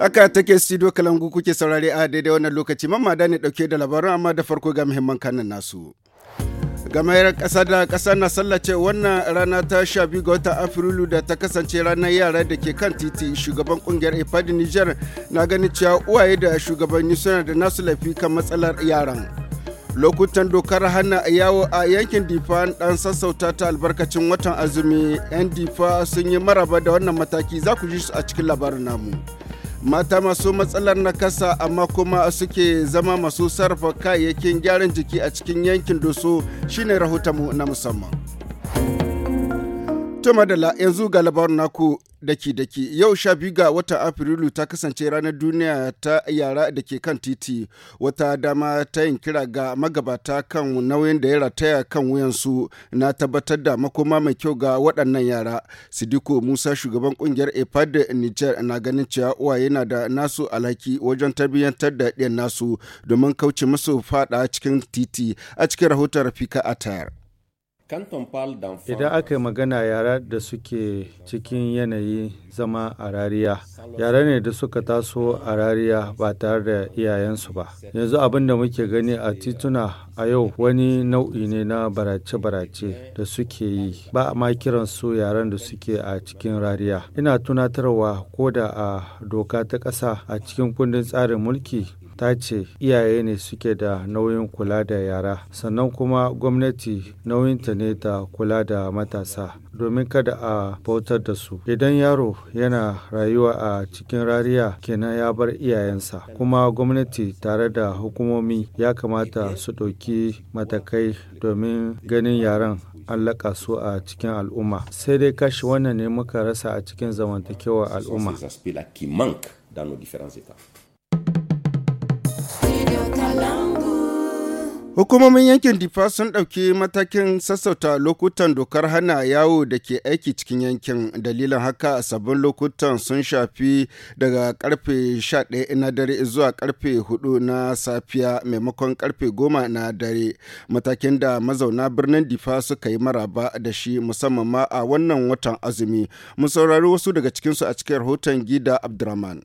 Aka take studio kalangu kuke saurari a daidai wannan lokaci mamma da ne dauke da labaran amma da farko ga muhimman kanan nasu. gamayar ƙasa da kasa na sallace wannan rana ta sha biyu ga watan afrilu da ta kasance ranar yara da ke kan titi shugaban kungiyar ifadi niger na gani cewa uwaye da shugabanni suna da nasu laifi kan matsalar yaran lokutan dokar hana yawo a yankin difa dan sassauta ta albarkacin watan azumi yan difa sun yi maraba da wannan mataki za ku ji su a cikin labarin namu. mata masu matsalar nakasa amma kuma suke zama masu sarrafa kayayyakin gyaran jiki a cikin yankin doso shine rahotonmu na musamman To madalla yanzu ga labarin naku daki-daki yau sha biyu ga watan afrilu ta kasance ranar duniya ta yara da ke kan titi wata dama ta yin kira ga magabata kan nauyin da ya rataya kan wuyansu na tabbatar da makoma mai kyau ga waɗannan yara sidiko musa shugaban kungiyar epad niger na ganin cewa uwaye yana da nasu alhaki wajen tarbiyyantar da ɗin nasu domin kauce musu fada cikin titi a cikin rahoton rafika atayar Idan aka yi magana yara da suke cikin yanayi zama a rariya, yara ne da suka taso a rariya ba tare da iyayensu ba. Yanzu abin da muke gani a tituna a yau wani nau'i ne na barace-barace da suke yi, ba a kiran su yaran da suke a cikin rariya. Ina tunatarwa ko da a doka ta ƙasa a cikin kundin tsarin mulki ta ce iyaye ne suke da nauyin kula da yara sannan kuma gwamnati nauyinta ne ta kula da matasa domin kada a bautar da su idan yaro yana rayuwa a cikin rariya kenan ya bar iyayensa kuma gwamnati tare da hukumomi ya kamata su ɗauki matakai domin ganin yaran an laƙa su a cikin al'umma sai dai kashi wannan ne muka rasa a cikin zamantakewar al'umma Hukumomin yankin Difa sun ɗauki matakin sassauta lokutan dokar hana yawo da ke aiki cikin yankin. Dalilin haka sabbin lokutan sun shafi daga karfe 11 na dare zuwa karfe 4 na safiya maimakon karfe 10 na dare. Matakin da mazauna birnin Difa suka yi maraba da shi musamman ma a wannan watan azumi. Mun saurari wasu daga cikinsu a cikin rahoton Gida Abdurrahman.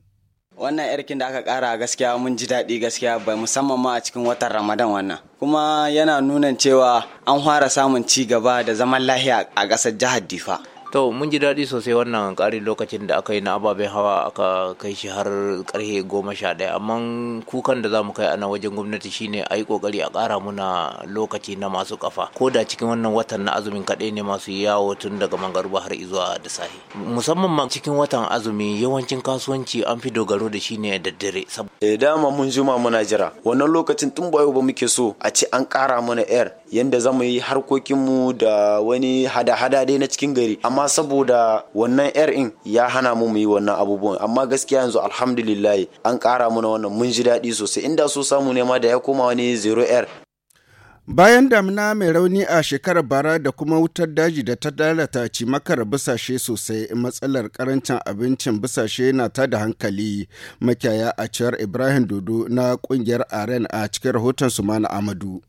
wannan yarkin da aka kara gaskiya mun ji daɗi gaskiya bai musamman ma a cikin watan ramadan wannan kuma yana nuna cewa an fara samun ci gaba da zaman lahiya a ƙasar jihar difa to mun ji daɗi sosai wannan ƙarin lokacin da aka yi na ababen hawa aka kai shi har ƙarfe goma sha ɗaya amma kukan da za mu kai ana wajen gwamnati shine a yi ƙoƙari a ƙara muna lokaci na masu ƙafa ko da cikin wannan watan na azumin kaɗai ne masu yawo tun daga mangaruba har zuwa da sahi musamman ma cikin watan azumi yawancin kasuwanci an fi dogaro da shi ne da dare. da eh, dama mun juma muna jira wannan lokacin tun ba yau ba muke so a ce an ƙara mana air yadda yanda mu yi harkokinmu da wani hada-hada dai na cikin gari amma saboda wannan yar in ya hana mu mu yi wannan abubuwan amma gaskiya yanzu alhamdulillah an ƙara mana wannan mun ji daɗi sosai inda so samu nema da ya koma wani zero yar bayan damina mai rauni a shekarar bara da kuma wutar daji da ta dalata cimakar busashe sosai matsalar karancin abincin busashe na ta da hankali makiyaya a ciyar ibrahim dodo na kungiyar aren a cikin rahoton sumana amadu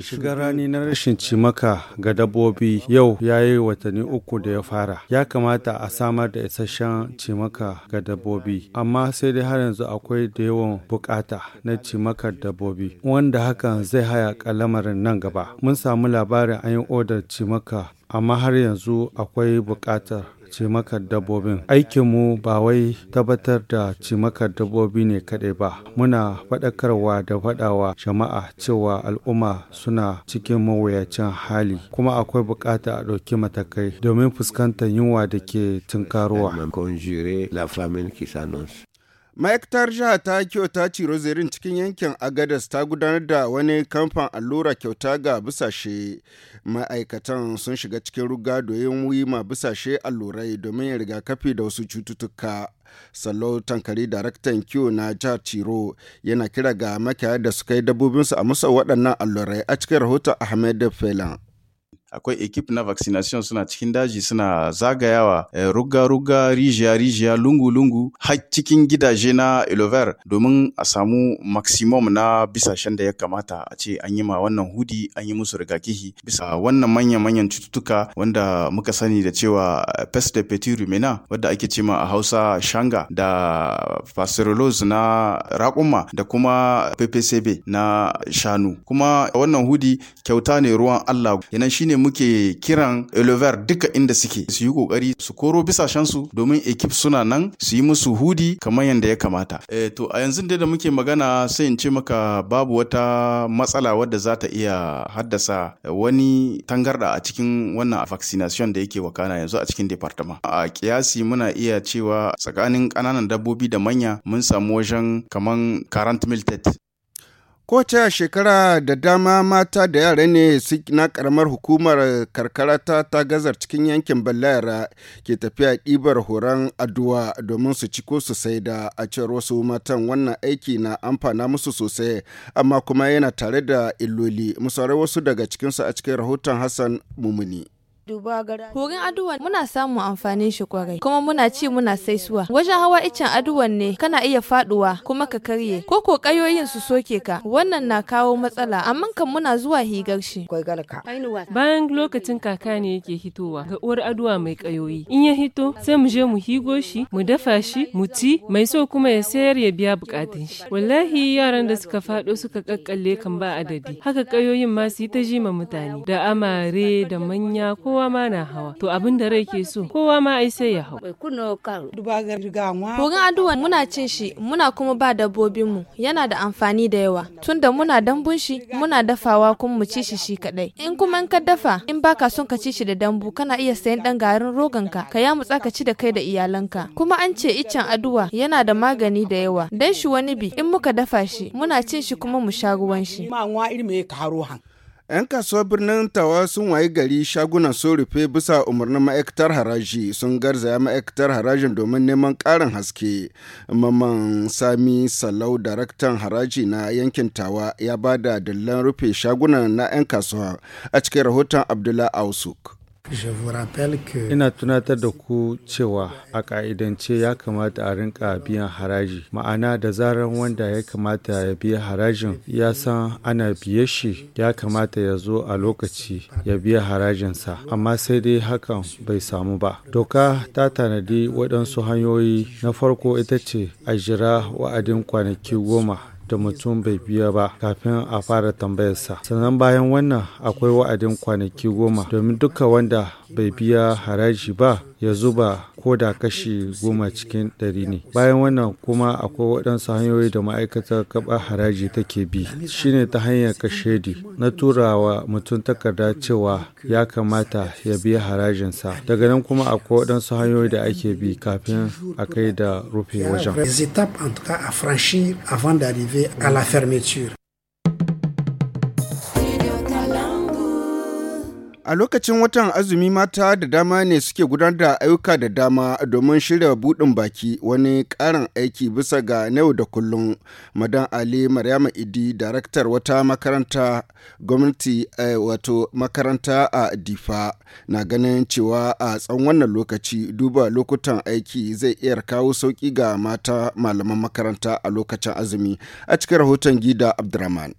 Shiga rani na rashin cimaka ga dabbobi yau ya yi watanni uku da ya fara. Ya kamata a samar da isasshen cimaka ga dabbobi, amma sai dai har yanzu akwai da yawan bukata na cimakar dabbobi, wanda hakan zai haya kalamarin nan gaba. Mun samu labarin an yi odar cimaka, amma har yanzu akwai bukatar cimakar dabbobin aikinmu ba wai tabbatar da cimakar dabbobi ne kaɗai ba muna faɗakarwa da faɗawa jama'a cewa al'umma suna cikin mawuyacin hali kuma akwai buƙata a ɗauki matakai domin fuskantar yunwa da ke tunkarowa ma'aikatar jiha ta kyauta ciro zirin cikin yankin agadas ta gudanar da wani kamfan allura kyauta ga busashe ma'aikatan sun shiga cikin ruga doyin ma busashe allurai domin rigakafi da wasu cututtuka salo tankari daraktan kiwo na jihar ciro yana kira ga makiyaya da suka yi dabbobinsu a musa waɗannan allurai a cikin rahoton ahmed felan akwai ekip na vaccination suna cikin daji suna zagayawa eh, ruga-ruga rijiya-rijiya lungu-lungu har cikin gidaje na ilover domin a samu maximum na bisashen da ya kamata a ce an yi ma wannan hudi an yi musu rigakihi bisa wannan manya-manyan cututtuka wanda muka sani da cewa eh, peste petit rumena wadda ake ce ma a hausa shanga da fasirolose na rakuma da kuma ppcb na shanu kuma wannan hudi kyauta ne ruwan allah yanan shine muke kiran elevar duka inda suke su yi kokari su koro bisa su domin ekip suna nan su yi musu hudi kamar yadda ya kamata e, to a yanzu da muke magana sai in ce maka babu wata matsala wadda za ta iya haddasa wani tangarda a cikin wannan vaccination da yake wakana yanzu a cikin department a kiyasi muna iya cewa tsakanin ƙananan dabbobi da manya mun samu wajen kaman 40 mil Kowace shekara da dama mata da yara ne na karamar hukumar karkara ta ta gazar cikin yankin Ballayara ke tafiya ɗibar horon addu'a domin su ciko su sai da a cewar wasu matan wannan aiki na amfana musu sosai amma kuma yana tare da illoli. Musarai wasu daga cikinsu a cikin rahoton Hassan Mumuni. Horin aduwa muna samun amfanin shi kwarai kuma muna ci muna saisuwa. Wajen hawa icen aduwan ne kana iya faduwa kuma ka karye ko ko kayoyin su soke ka wannan na kawo matsala amma kan muna zuwa higar shi. Bayan lokacin kaka ne yake hitowa ga uwar aduwa mai kayoyi. In ya hito sai mu je mu higo shi mu dafa shi mu ci mai so kuma ya sayar ya biya bukatun shi. Wallahi yaran da suka fado suka kakkalle kan ba adadi. Haka kayoyin ma su yi ta jima mutane da amare da manya ko kowa ma na hawa to abin da rai ke so kowa ma ai sai ya hau kogin aduwan muna cin shi muna kuma ba dabbobin mu yana da amfani da yawa tunda muna dambun shi muna dafawa kuma mu ci shi shi kadai in kuma in ka dafa in baka son ka ci shi da dambu kana iya sayan dan garin rogan ka ka mutsa ka ci da kai da iyalanka kuma an ce iccen aduwa yana da magani da yawa dan shi wani bi in muka dafa shi muna cin shi kuma mu sha ruwan shi 'Yan kasuwar birnin Tawa sun wayi gari shagunan sun rufe bisa umarnin ma'aikatar haraji sun garzaya ma'aikatar harajin domin neman ƙarin haske. Maman Sami Salau daraktan haraji na yankin Tawa ya ba da dillan rufe shagunan na 'yan kasuwa a cikin rahoton Abdullah Ausuk. Ina tunatar da ku cewa a ƙa'idance ya kamata a rinka biyan haraji. Ma'ana da zarar wanda ya kamata ya biya harajin ya san ana biye shi ya kamata ya zo a lokaci ya biya harajinsa. Amma sai dai hakan bai samu ba. Doka ta tanadi waɗansu hanyoyi na farko ita ce a jira wa'adin kwanaki goma da mutum bai biya ba kafin a fara tambayarsa sannan bayan wannan akwai wa'adin kwanaki goma domin duka wanda bai biya haraji ba ya zuba ko da kashi goma cikin ɗari ne bayan wannan kuma akwai waɗansu hanyoyi da ma'aikatar kaɓar haraji take bi shine ta hanyar kashedi na turawa mutum takarda cewa ya kamata ya biya harajinsa daga nan kuma akwai waɗansu hanyoyi da ake bi kafin a kai da rufe wajen A lokacin watan azumi mata da dama ne suke gudanar da ayyuka da dama domin shirya buɗin baki wani ƙarin aiki bisa ga na yau da kullum. Madan Ali Maryama Idi, daraktar wata makaranta gwamnati eh, wato makaranta a Difa, na ganin cewa a tsawon wannan lokaci duba lokutan aiki zai iya kawo sauƙi ga mata malaman makaranta a lokacin azumi a cikin rahoton Gida Abdurrahman.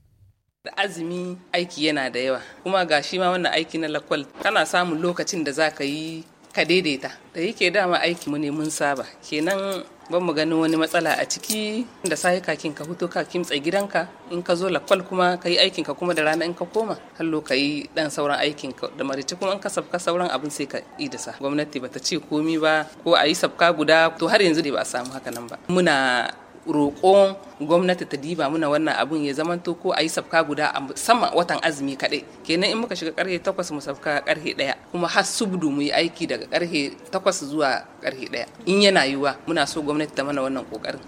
da azumi aiki yana da yawa kuma ga shi ma wannan aiki na lakwal kana samun lokacin da za ka yi ka daidaita da yake dama aiki mu ne mun saba kenan ban mu ganin wani matsala a ciki da sai kakin ka huto ka kimtsa gidanka in ka zo lakwal kuma ka yi aikin ka kuma da rana in ka koma hallo ka yi dan sauran aikin ka da marici kuma in ka sabka sauran abin sai ka yi da sa gwamnati bata ce komi ba ko a yi sabka guda to har yanzu dai ba a samu haka nan ba muna roƙon gwamnati ta diba muna wannan abun ya zamanto ko a yi sabka guda a musamman watan azumi kaɗai kenan in muka shiga karhe takwas mu sabka karhe ɗaya kuma har subdu mu yi aiki daga karhe takwas zuwa karhe ɗaya in yana yiwuwa muna so gwamnati ta mana wannan ƙoƙarin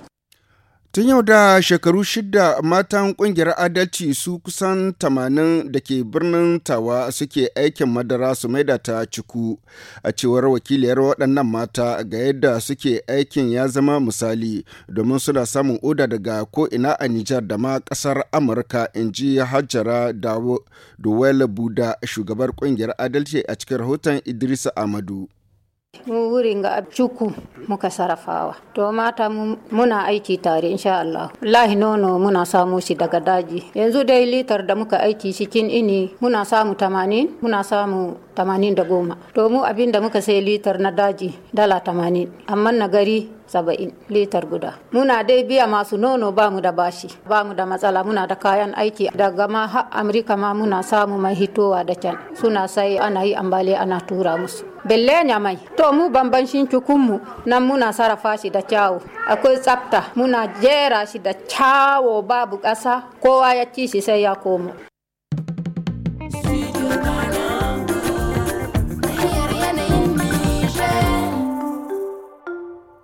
Tun yau da shekaru shida matan kungiyar adalci su kusan tamanin da ke birnin tawa suke aikin madara su maida ta ciku a cewar wakiliyar waɗannan mata ga yadda suke aikin ya zama misali domin suna samun oda daga ko'ina a Nijar da ma ƙasar Amurka in ji Hajjara Dowell Buda shugabar kungiyar adalci a cikin rahoton Idris Amadu. mu wuri ga cuku muka sarrafawa to mata muna aiki tare insha Allah lahi nono muna samu shi daga daji yanzu dai litar da muka aiki cikin ini muna samu 80 muna samu tamanin da goma domin abin da muka sai litar na daji dala tamanin amma na gari saba'in litar guda muna dai biya masu nono ba mu da bashi ba mu da matsala muna da kayan aiki daga ma ha amurka ma muna samu mai hitowa da can suna sai ana yi ambali ana tura musu belle mai to mu bambancin mu nan muna sarrafa shi da kyawu akwai tsafta muna jera shi da kyawo babu ƙasa kowa ya ci shi sai ya komo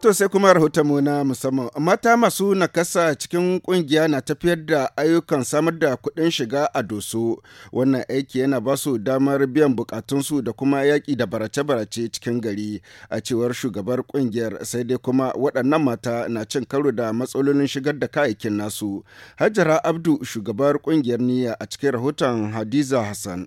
To sai kuma mu na musamman. Mata masu nakasa cikin kungiya na tafiyar da ayyukan samar da kuɗin shiga a doso. Wannan aiki yana ba su damar biyan bukatunsu da kuma yaƙi da barace-barace cikin gari. A cewar shugabar kungiyar sai dai kuma waɗannan mata na cin karo da matsalolin shigar da kayayyakin nasu. Hajara Abdu shugabar kungiyar niyya a cikin rahoton Hadiza Hassan.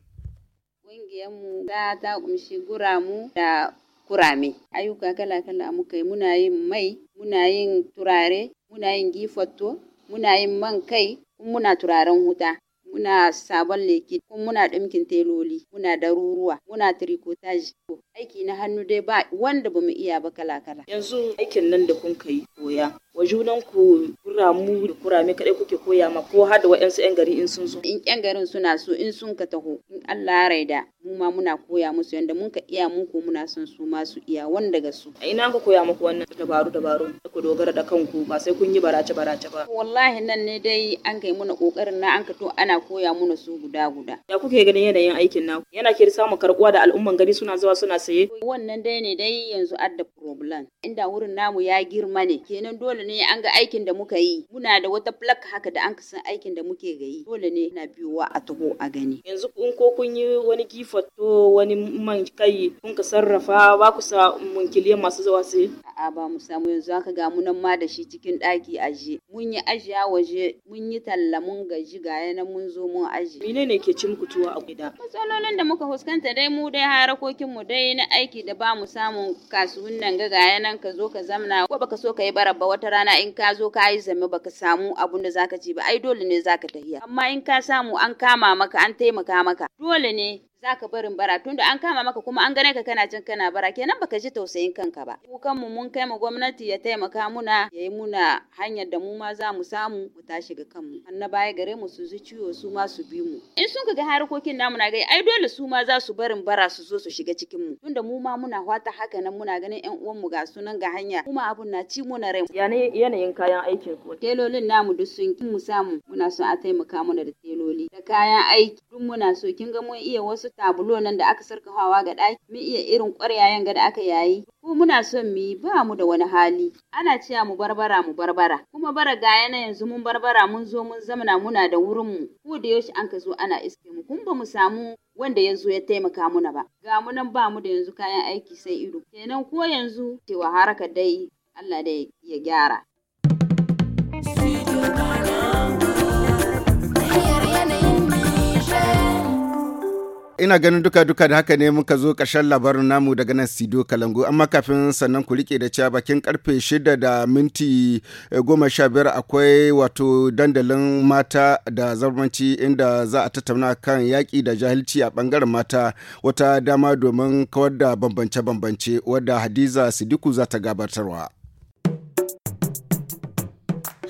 ta kurame ayyuka kala-kala muka yi muna yin mai muna yin turare muna yin gifatto muna yin man kai kuma muna turaren wuta muna sabon leki kuma muna ɗumkin teloli muna daruruwa muna trikotaji aiki na hannu dai ba wanda bamu iya ba kala-kala yanzu aikin nan da kun kai koya wa junan ku kuramu da kurame kadai kuke koya ma ko har da wayansu 'yan gari in sun so. In 'yan garin suna so in sun ka taho in Allah ya raida mu ma muna koya musu yanda mun ka iya mun ko muna son su ma su iya wanda ga su. A ina ka koya muku wannan dabaru dabaru ku dogara da kanku ba sai kun yi barace barace ba. Wallahi nan ne dai an kai muna kokarin na an ka to ana koya muna su guda guda. Ya kuke ganin yanayin aikin naku? Yana ke samun karbuwa da al'umman gari suna zuwa suna saye? Wannan dai ne dai yanzu adda problem. Inda wurin namu ya girma ne kenan dole ne an ga aikin da muka yi muna da wata plak haka da an san aikin da muke gayi dole ne na wa a taho a gani yanzu kun ko kun yi wani gifato wani man kai kun ka sarrafa ba ku sa munkiliyan masu zuwa su a'a ba mu samu yanzu haka ga mu nan ma da shi cikin ɗaki aje mun yi ajiya waje mun yi talla mun gaji ga na mun zo mun aje menene ke ci muku tuwa a gida matsalolin da muka fuskanta dai mu dai harakokin mu dai na aiki da ba mu samun kasuwan nan ga ga nan ka zo ka zamna ko baka so ka yi barabba wata rana in ka zo ka yi zame baka samu abun da zaka ci ba ai dole ne zaka tafiya amma in ka samu an kama maka an taimaka maka dole ne zaka barin bara tunda an kama maka kuma an gane ka kana jin kana bara kenan baka ji tausayin kanka ba kukan mu mun kai ma gwamnati ya taimaka muna yi muna hanyar da mu ma za mu samu mu tashi ga kanmu annaba ya gare mu su zu ciwo su ma su bi mu in sun ga harkokin namu na gai ai dole su ma za su barin bara su zo su shiga cikin mu tunda mu ma muna fata haka nan muna ganin yan uwan mu ga sunan ga hanya kuma abun na ci mu na rai yanayin kayan aikin ko telolin namu duk sun mu samu muna son a taimaka mana da teloli da kayan aiki duk muna so kin ga mun iya wasu sabulu nan da aka sarkafawa ga ɗaki mu iya irin ƙwaryayen ga da aka yayi ko muna son mu yi ba mu da wani hali ana cewa mu barbara mu barbara kuma bara ga yana yanzu mun barbara mun zo mun zamana muna da wurin mu ko da yaushe an ka zo ana iske mu kun ba mu samu wanda ya zo ya taimaka muna ba ga mu nan ba mu da yanzu kayan aiki sai ido kenan ko yanzu cewa haraka dai Allah da ya gyara ina ganin duka-duka da haka ne muka zo ƙarshen labarin namu daga nan Sido Kalangu. Amma kafin sannan ku rike da cewa bakin karfe shida da minti eh, goma sha biyar akwai wato dandalin mata da zamanci inda za a tattauna kan yaƙi da jahilci a ɓangaren mata wata dama domin kawar da bambance-bambance wadda Hadiza Sidiku za ta gabatarwa.